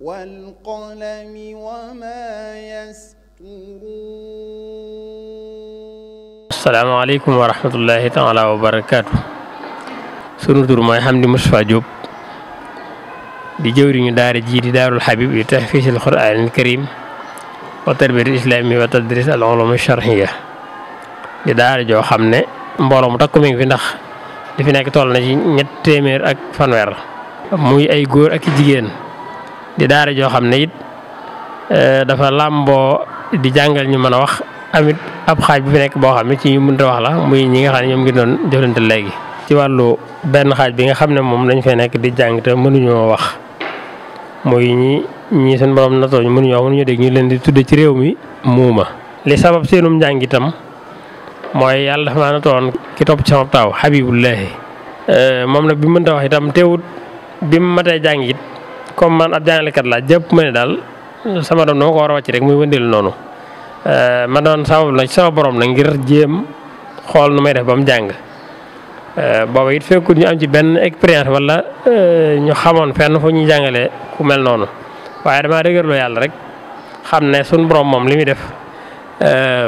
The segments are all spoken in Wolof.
والقلم وما يسطرون asalaamaaleykum wa rahmatullahi taala wa barakaatu sunu tur mooy Hamdi Moustapha Diop di jëwriñu daara ji di daarul Habib yi tahfiisil Qur'aanil Kariim wa tarbiyatil islaami wa tadris al ulum shar'iyya di daara joo xam ne mbooloo mu takku mi ngi fi ndax li fi nekk toll na ci ñett téeméer ak fanweer muy ay góor ak jigéen. di daara joo xam ne it eh, dafa làmboo di jàngal ñu mën a wax amit ab xaaj bu fi nekk boo xam ne ci ñu wax la muy ñi nga xam ne ñoom ngi doon jëflante léegi. ci wàllu benn xaaj bi nga xam ne moom dañ fay nekk di jàng te mënuñoo wax muy ñi ñi seen borom natoo ñu mënuñoo wax mënuñoo dégg ñu leen di tudde ci réew mi muuma. li sabab seenum njàng itam mooy yàlla dafa maa natoon ki topp ci sama taaw Habibullahi eh, moom nag bi mënta wax itam teewut bi mu jàng it comme man ab jàngalekat laa jëpp ma ne daal sama doom dama ko war a wàcc rek muy wëndeelu noonu euh, ma doon sabab la ci sama na ngir jéem xool nu may def ba mu jàng euh, booba it fekkut ñu am ci benn expérience wala euh, ñu xamoon fenn foo ñu jàngalee ku mel noonu waaye damaa dëgërloo yàlla rek xam ne sunu borom moom li muy def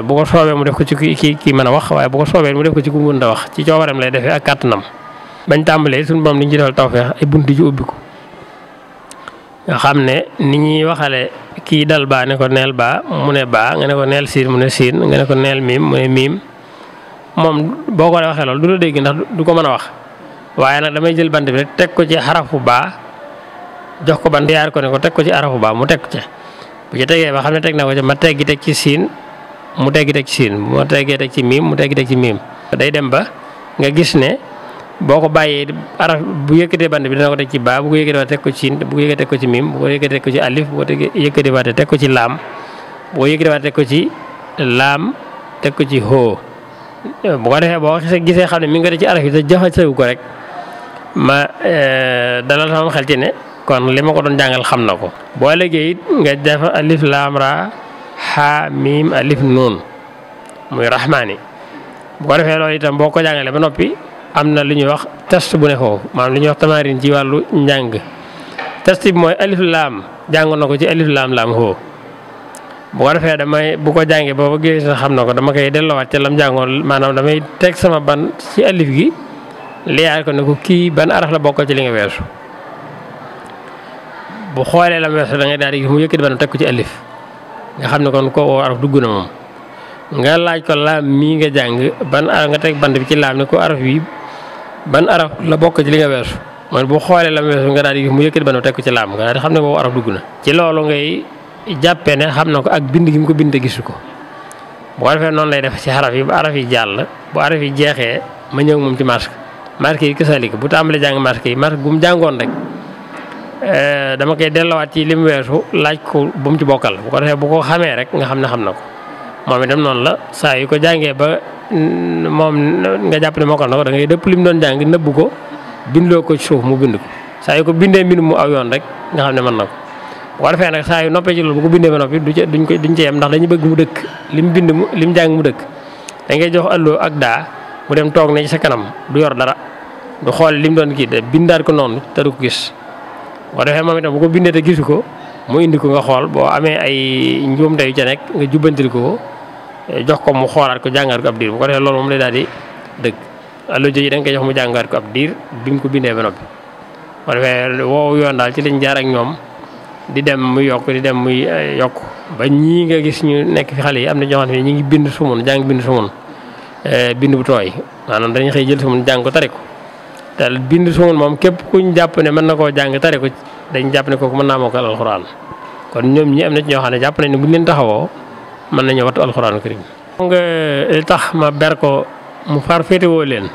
bu ko soobee mu def ko ci ki ki mën a wax waaye bu ko soobee mu def ko ci ku mën a wax ci coobareem lay defee ak kàttanam bañ tàmbalee sunu borom li ñu ci ay bunti ju ubbi ko xam ne ni ñuy waxale kii dal baa ne ko neel baa mu ne baa nga ne ko neel siin mu ne siin nga ne ko neel miim mu ne miim moom boo ko waxee loolu du la dégg ndax du ko mën a wax waaye nag damay jël bant bi rek teg ko ci xarafu baa jox ko bant yaar ko ne ko teg ko ci xarafu baa mu teg ca bu ci tegee ba xam ne teg na ko ca ma teggi teg ci siin mu teggi teg ci siin mu teggee teg ci miim mu teggi teg ci miim day dem ba nga gis ne boo ko bàyyee araf bu yëkkatee bant bi dana ko teg ci baa bu ko yëkkatee teg ko ci siin bu ko yëkkatee teg ko ci ko yëkkatee teg ko ci ko yëkkatee laam bu ko yëkkatee teg ko ci laam teg ko ci hoo bu ko defee boo gisee xam ne mi nga ko def ci araf yi te jaxasewu ko rek ma eh, dalal sama xel ci ne kon li ma ko doon jàngal xam na ko. boo léegi nga def alif laam ra xaa miim alif nuun muy rahmaani bu ko defee loolu itam boo ko jàngalee ba noppi. am na lu ñuy wax test bu ne foofu maanaam lu ñuy wax tamarin ci wàllu njàng test bi mooy alif laam jàng na ko ci alif laam laam foofu bu ko damay bu ko jàngee booba gis xam na ko dama koy delloowaat ca lam jàngoon maanaam damay teg sama ban ci alif gi liyaar ko ne ko kii ban araf la bokk ci li nga weesu bu xoolee la weesu da ngay daal di gis mu yëkkati teg ko ci alif nga xam ne kon ko woo araf dugg na moom nga laaj ko laam mii nga jàng ban nga teg bant bi ci laam ne ko araf bi ban araf la bokk ci li nga weesu man bu xoolee la weesu nga daal di mu yëkkati ba teg ko ci laam nga daal di xam ne boobu araf dugg na. ci loolu ngay jàppee ne xam na ko ak bind gi mu ko bind gisu ko bu ko noonu lay def ci araf yi bu araf yi jàll bu araf yi jeexee ma ñëw moom ci masque masque yi kasaalika bu tàmbalee jàng masque yi masque bu mu jàngoon rek eh, dama koy delluwaat ci li mu weesu laaj ko bu ci bokkal bu ko defee bu ko xamee rek nga xam ne xam na ko. moom itam noonu la saa yi ko jàngee ba moom nga jàpp ne mokkal na ko da ngay dëpp lim doon jàng nëbb ko bindloo ko ci suuf mu bind ko saa yu ko bindee mbind mu aw yoon rek nga ne mën na ko. defee nag saa yu noppee ci loolu bu ko bindee ba du ca duñ ko duñ ca yem bëgg mu dëkk lim bind mu lim jàng mu dëkk da ngay jox alloo ak daa mu dem toog ne ci sa kanam du yor dara du xool lim doon kii de bindaat ko noonu te du ko gis. boo defee moom itam bu ko bindee te gisu ko mu indi ko nga xool boo amee ay njuumte yu ca nekk nga jubbantil ko jox ko mu xoolaat ko jàngaat ko ab diir bu ko defee loolu moom lay daal di dëgg allo jooju da koy jox mu jàngaat ko ab diir bi mu ko bindee ba noppi. bu ko defee woowu yoon daal ci lañ jaar ak ñoom di dem muy yokk di dem muy eh, yokk ba ñii nga gis ñu nekk fi xale yi am na ñoo ñu ngi bind sumun jàng bind sumun eh, bind bu tooy maanaam dañu xëy jël sumun jàng ko tari ko te bind sumun moom képp kuñ jàpp ne mën na koo jàng tari ko dañ jàpp ne kooku mën naa mokkal alxuraan kon ñoom ñi am na ñoo xam ne jàpp nañ bu ñu leen taxawoo mën nañu wattu alxuraanu karim nga li tax ma ber ko mu far féetewoo leen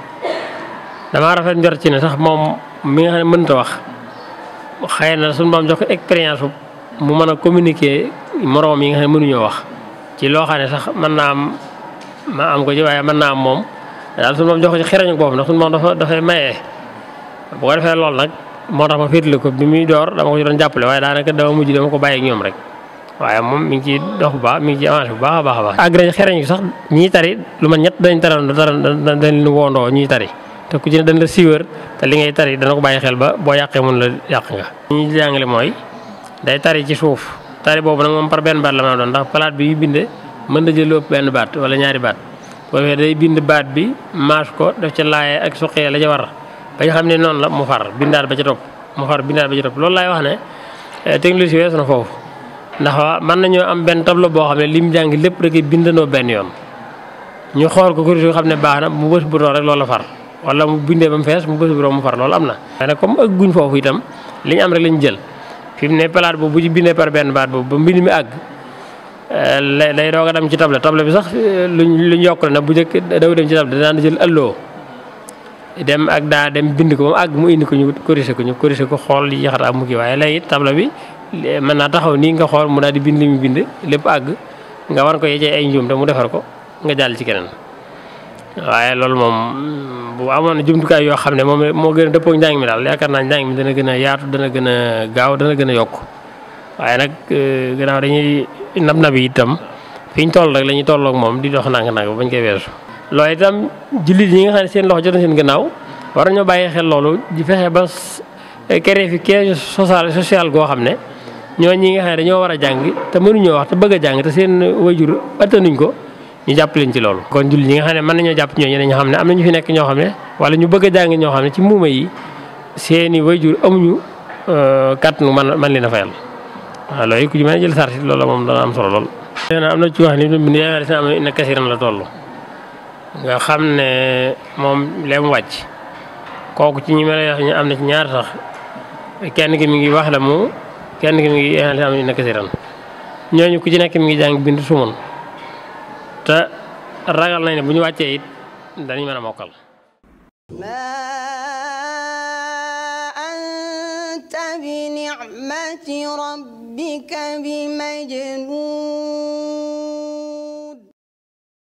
damaa rafet njort ci ne sax moom mi nga xam ne mënta wax xëy na suñu moom jox ko expérience mu mën a communiquer moroom yi nga xam mënuñoo wax ci loo xam sax man naa am ma am ko ci waaye mën naa am moom daal suñu moom jox ko ci xirañu boppam ndax suñu moom dafa dafay maye bu ko lool nag moo tax ma féetale ko bi muy door dama ko ci doon jàppale waaye daanaka dama mujj dama ko bàyyi ak ñoom rek waaye moom mi ngi ciy dox bu baax mi ngi ciy avancé bu baax a baax a baax. engrais xereñ sax ñiy tari lu ma ñett dañ taran dañ dañ wondoo ñiy tari te ku ci ne dañ la siiwër te li ngay tari dana ko bàyyi xel ba boo yàqee mun la yàq nga. li ñuy jàngale mooy day tari ci suuf tari boobu nag moom par benn baat la mën a doon ndax palaat bi yu bindee mën na jël lépp benn baat wala ñaari baat boo fee day bind baat bi maas ko def ca laayee ak suqee la ca war ba xam ne noonu la mu far bindaat ba ca topp mu far bindaat ba ca topp loolu laay wax ne eh, technologie weesu na foofu ndax mën nañoo am benn tableau boo xam ne lim jàng lépp rek bindandoo benn yoon ñu xool ko kuréel yoo xam ne baax na mu bës bu doon rek la far wala mu bindee ba mu fees mu bës bu doon mu far loolu am na. mais nag comme gu foofu itam li ñu am rek lañ jël fi mu ne palaat boobu bu ci par benn baat boobu ba mi àgg eh, lay lay doog a dem ci table table bi sax eh, luñ luñ yokk na bu njëkk daw dem ci table daan jël ëlloo dem ak daa dem bind ko ba mu àgg mu indi ko ñu corrigé ko ñu corrigé ko xool yi xataa mu kii waaye léegi table bi. Eh, mën naa taxaw nii nga xool mu daal di bind li mu bind lépp àgg nga war ko yéjee ay njuum te mu defar ko nga jàll ci keneen waaye loolu moom bu amoon na jumtukaay yoo xam ne moom moo gën a dëppoo njàng mi daal yaakaar naa njàng mi dana gën a yaatu dana gën a gaaw dana gën a yokk waaye nag eh, gannaaw dañuy nab nab yi itam fi ñu toll rek la ñuy moom di dox nang-nang bañ koy weesu. loolu itam jullit yi nga xam ne seen loxo jot na seen gannaaw war loolu di ba eh, créer fi social goo xam ne. ñoo ñi nga xam ne dañoo war a jàng te mënuñoo wax te bëgg a jàng te seen wayjur attanuñ ko ñu jàpp leen ci loolu kon julli ñi nga xam ne mën nañoo jàpp ñooñu dañoo xam ne am na ñu fi nekk ñoo xam ne wala ñu bëgg a jàng ñoo ne ci muuma yi seeni wayjur amuñu euh, kàttanu man man leen a fayal waaw loolu ku ci mën a jël sarti loolu moom dana am solo lool na am na ci wax ni bind yaakaar la toll nga xam ne moom lee mu wàcc kooku ci ñi ma lay wax am na ci ñaar sax kenn ki mi ngi wax la mu kenn ki mi ngi yéen am nekk si ñooñu ku ci nekk mi ngi jàng bindu sumoon te ragal nañ ne bu ñu wàccee it dañuy mën a bi ni'mati rabbika bi majnun